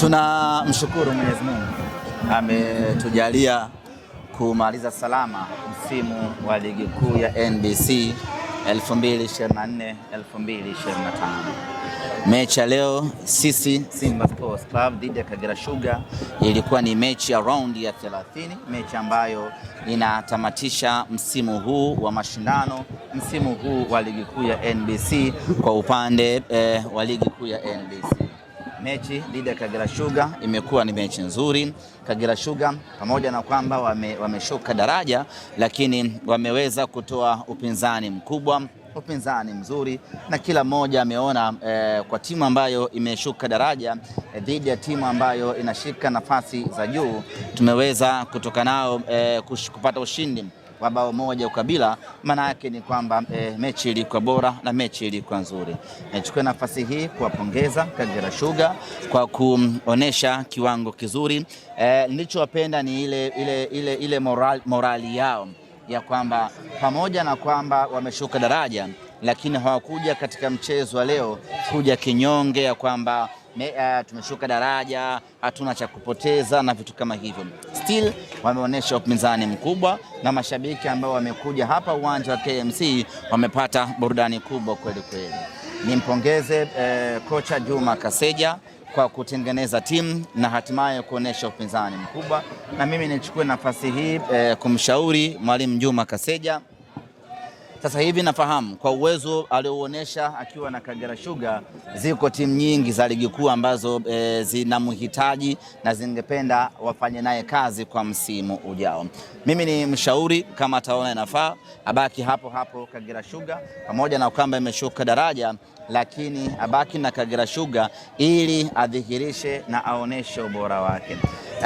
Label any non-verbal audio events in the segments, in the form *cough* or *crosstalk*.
Tunamshukuru Mwenyezi Mungu ametujalia kumaliza salama msimu wa ligi kuu ya NBC 2024 2025. Mechi ya leo sisi Simba Sports Club dhidi ya Kagera Sugar ilikuwa ni mechi ya round ya 30, mechi ambayo inatamatisha msimu huu wa mashindano, msimu huu wa ligi kuu ya NBC kwa upande eh, wa ligi kuu ya NBC mechi dhidi ya Kagera Sugar imekuwa ni mechi nzuri. Kagera Sugar pamoja na kwamba wame, wameshuka daraja, lakini wameweza kutoa upinzani mkubwa upinzani mzuri na kila mmoja ameona eh, kwa timu ambayo imeshuka daraja eh, dhidi ya timu ambayo inashika nafasi za juu tumeweza kutoka nao eh, kupata ushindi kwa bao moja ukabila, maana yake ni kwamba e, mechi ilikuwa bora na mechi ilikuwa nzuri. Nachukua eh, nafasi hii kuwapongeza Kagera Sugar kwa kuonesha kiwango kizuri. E, nilichowapenda ni ile, ile, ile, ile moral, morali yao ya kwamba pamoja na kwamba wameshuka daraja lakini hawakuja katika mchezo wa leo kuja kinyonge ya kwamba me, uh, tumeshuka daraja, hatuna cha kupoteza na vitu kama hivyo. Still wameonyesha upinzani mkubwa, na mashabiki ambao wamekuja hapa uwanja wa KMC wamepata burudani kubwa kweli kweli. Nimpongeze uh, kocha Juma Kaseja kwa kutengeneza timu na hatimaye kuonesha upinzani mkubwa, na mimi nichukue nafasi hii uh, kumshauri mwalimu Juma Kaseja sasa hivi nafahamu kwa uwezo aliouonyesha akiwa na Kagera Sugar, ziko timu nyingi za ligi kuu ambazo e, zinamhitaji na zingependa wafanye naye kazi kwa msimu ujao. Mimi ni mshauri, kama ataona inafaa abaki hapo hapo Kagera Sugar, pamoja na kwamba imeshuka daraja, lakini abaki na Kagera Sugar ili adhihirishe na aoneshe ubora wake. Uh,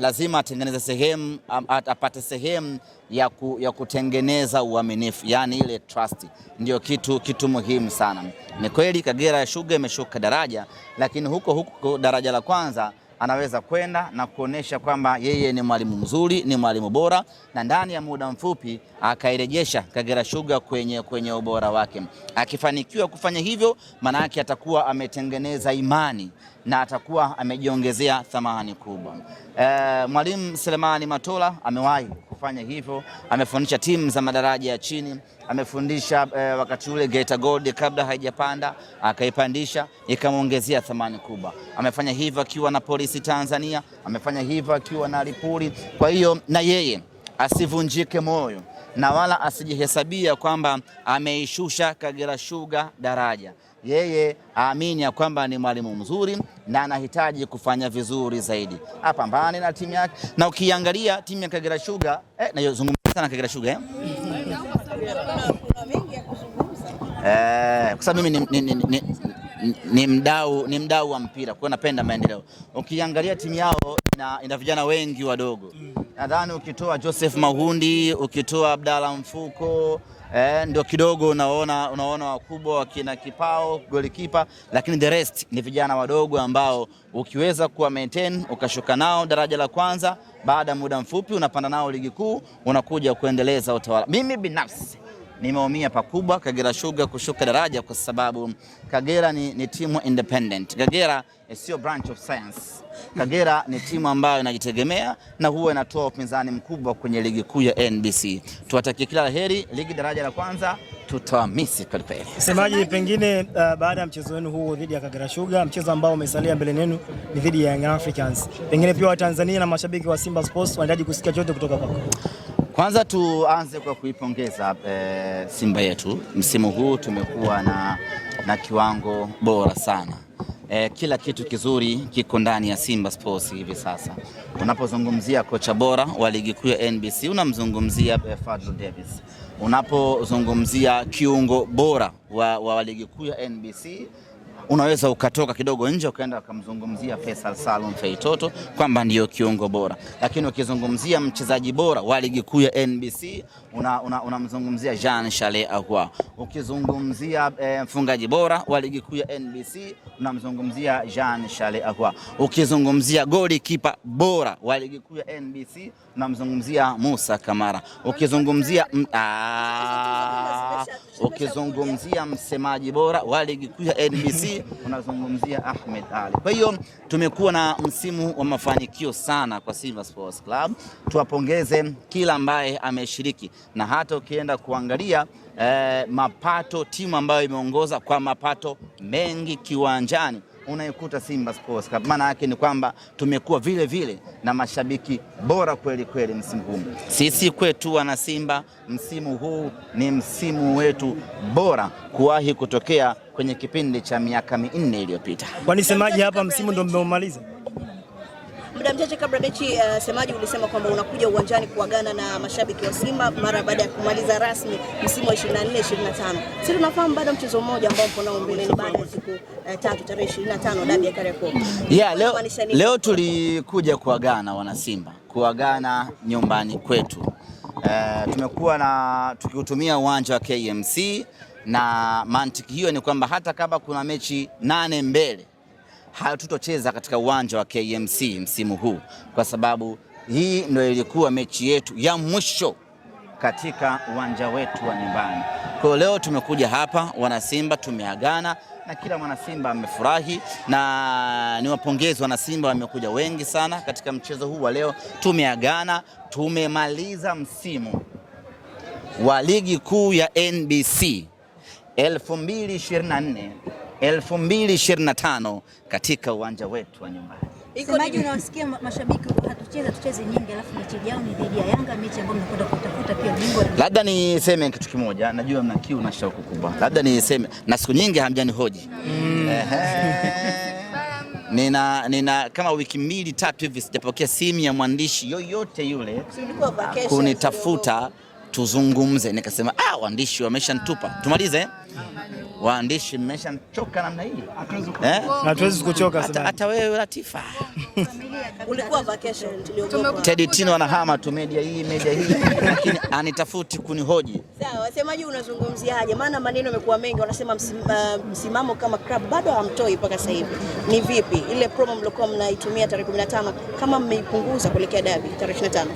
lazima atengeneze sehemu apate sehemu ya, ku, ya kutengeneza uaminifu yani ile trust ndio kitu, kitu muhimu sana. Ni kweli Kagera shuga imeshuka daraja, lakini huko huko daraja la kwanza anaweza kwenda na kuonesha kwamba yeye ni mwalimu mzuri, ni mwalimu bora, na ndani ya muda mfupi akairejesha Kagera Sugar kwenye, kwenye ubora wake. Akifanikiwa kufanya hivyo, maana yake atakuwa ametengeneza imani na atakuwa amejiongezea thamani kubwa. E, Mwalimu Selemani Matola amewahi kufanya hivyo, amefundisha timu za madaraja ya chini, amefundisha e, wakati ule Geita Gold kabla haijapanda akaipandisha ikamwongezea thamani kubwa. Amefanya hivyo akiwa na Polisi Tanzania, amefanya hivyo akiwa na Lipuli. Kwa hiyo na yeye asivunjike moyo na wala asijihesabia kwamba ameishusha Kagera Sugar daraja. Yeye aamini ya kwamba ni mwalimu mzuri na anahitaji kufanya vizuri zaidi, apambane na timu yake. Na ukiangalia timu ya Kagera Sugar eh, nayozungumza sana Kagera Sugar eh? Eh, kwa sababu mimi ni, ni, ni, ni mdau ni mdau wa mpira, kwa napenda maendeleo. Ukiangalia timu yao ina, ina vijana wengi wadogo mm. Nadhani ukitoa Joseph Mahundi, ukitoa Abdalla Mfuko eh, ndio kidogo unaona unaona wakubwa wakina Kipao golikipa, lakini the rest ni vijana wadogo ambao ukiweza kuwa maintain ukashuka nao daraja la kwanza, baada ya muda mfupi unapanda nao ligi kuu, unakuja kuendeleza utawala. Mimi binafsi nimeumia pakubwa Kagera Sugar kushuka daraja, kwa sababu Kagera ni, ni timu independent. Kagera sio branch of science. Kagera ni timu ambayo inajitegemea na huwa inatoa upinzani mkubwa kwenye ligi kuu ya NBC. Tuwatakie kila laheri heri ligi daraja la kwanza tutawamisi kwelikweli. Msemaji, pengine uh, baada ya mchezo wenu huu dhidi ya Kagera Sugar, mchezo ambao umesalia mbele yenu ni dhidi ya Young Africans, pengine pia Watanzania na mashabiki wa Simba Sports wanahitaji kusikia chote kutoka kwako. Kwanza tuanze kwa kuipongeza e, Simba yetu msimu huu tumekuwa na, na kiwango bora sana e, kila kitu kizuri kiko ndani ya Simba Sports hivi sasa. Unapozungumzia kocha bora wa ligi kuu ya NBC unamzungumzia eh, Fadlu Davis, unapozungumzia kiungo bora wa, wa ligi kuu ya NBC unaweza ukatoka kidogo nje ukaenda ukamzungumzia Faisal Salum Feitoto kwamba ndiyo kiungo bora, lakini ukizungumzia mchezaji bora wa ligi kuu ya NBC unamzungumzia una una Jean Charles Ahoua. Ukizungumzia e, mfungaji bora wa ligi kuu ya NBC unamzungumzia Jean Charles Ahoua. Ukizungumzia goli bora wa ligi kuu ya NBC unamzungumzia Musa Kamara. Ukizungumzia ah, ukizungumzia msemaji bora wa ligi kuu ya NBC unazungumzia Ahmed Ali. Kwa hiyo tumekuwa na msimu wa mafanikio sana kwa Simba Sports Club, tuwapongeze kila ambaye ameshiriki, na hata ukienda kuangalia eh, mapato, timu ambayo imeongoza kwa mapato mengi kiwanjani unaikuta Simba Sports Club. Maana yake ni kwamba tumekuwa vile vile na mashabiki bora kweli kweli msimu huu. Sisi kwetu wana Simba, msimu huu ni msimu wetu bora kuwahi kutokea kwenye kipindi cha miaka minne iliyopita. Kwani semaji hapa msimu ndio mmeumaliza? muda mchache kabla mechi uh, Semaji ulisema kwamba unakuja uwanjani kuagana na mashabiki wa Simba mara baada ya kumaliza rasmi msimu wa 24 25. Sisi tunafahamu bado mchezo mmoja ambao uko nao mbeleni baada ya siku uh, tatu tarehe 25 dabi ya Kariakoo. Yeah, leo, leo tulikuja kuagana wana Simba, kuagana nyumbani kwetu. Uh, tumekuwa na tukiutumia uwanja wa KMC na mantiki hiyo ni kwamba hata kama kuna mechi nane mbele hatutocheza katika uwanja wa KMC msimu huu kwa sababu hii ndio ilikuwa mechi yetu ya mwisho katika uwanja wetu wa nyumbani. Kwa leo tumekuja hapa wanasimba, tumeagana na kila mwanasimba amefurahi, na ni wapongezi wanasimba, wamekuja wengi sana katika mchezo huu wa leo. Tumeagana, tumemaliza msimu wa ligi kuu ya NBC 2024 2025 katika uwanja wetu wa nyumbani. Semaji, unawasikia mashabiki hatucheze tucheze nyingi, alafu mechi yao ni dhidi ya Yanga, mechi ambayo mnakwenda kutafuta pia bingwa. Labda niseme kitu kimoja, najua mna kiu na shauku kubwa, labda niseme na siku nyingi hamjani hoji mm. *laughs* Nina, nina kama wiki mbili tatu hivi sijapokea simu ya mwandishi yoyote yule kunitafuta tuzungumze, nikasema ah, waandishi wameshanitupa tumalize Waandishi mmeshachoka namna hii, hatuwezi kuchoka sana. Eh? Hata wewe Latifa, *laughs* ulikuwa vacation Teddy Tino anahama tu media hii media hii, *laughs* lakini anitafuti kunihoji. Sawa, wasemaji unazungumziaje? Maana maneno yamekuwa mengi, wanasema uh, msimamo kama club bado hamtoi mpaka sasa hivi. Ni vipi ile promo mliokuwa mnaitumia tarehe 15 kama mmeipunguza kuelekea dabi tarehe 25?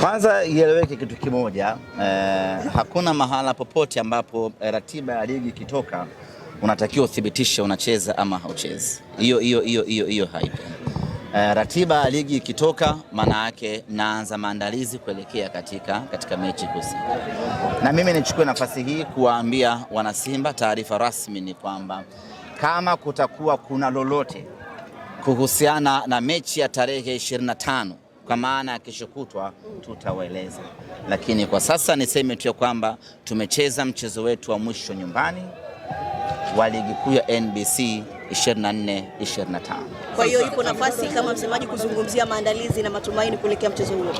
Kwanza ieleweke kitu kimoja eh, hakuna mahala popote ambapo eh, ratiba ya ligi ikitoka unatakiwa uthibitishe unacheza ama hauchezi. Hiyo hiyo hiyo hiyo hiyo haipo. Eh, ratiba ya ligi ikitoka, maana yake naanza maandalizi kuelekea katika, katika mechi husika. Na mimi nichukue nafasi hii kuwaambia wanasimba, taarifa rasmi ni kwamba kama kutakuwa kuna lolote kuhusiana na mechi ya tarehe 25 kwa maana kesho kutwa tutawaeleza, lakini kwa sasa niseme tu ya kwamba tumecheza mchezo wetu wa mwisho nyumbani wa ligi kuu ya NBC 24 25. Kwa hiyo ipo nafasi kama msemaji kuzungumzia maandalizi na matumaini kuelekea mchezo huo.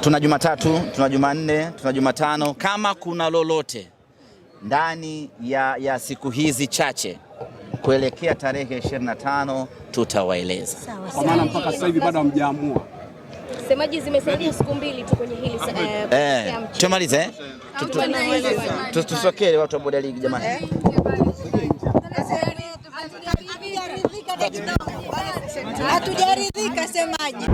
Tuna Jumatatu, tuna Jumanne, tuna Jumatano. Kama kuna lolote ndani ya, ya siku hizi chache kuelekea tarehe 25 tutawaeleza. Kwa maana mpaka sasa hivi bado hamjaamua. Semaji zimesalia siku mbili tu kwenye hili eh. eh tumalize eh? tusokee watu wa boda ligi jamani. Eh, hatujaridhika semaji.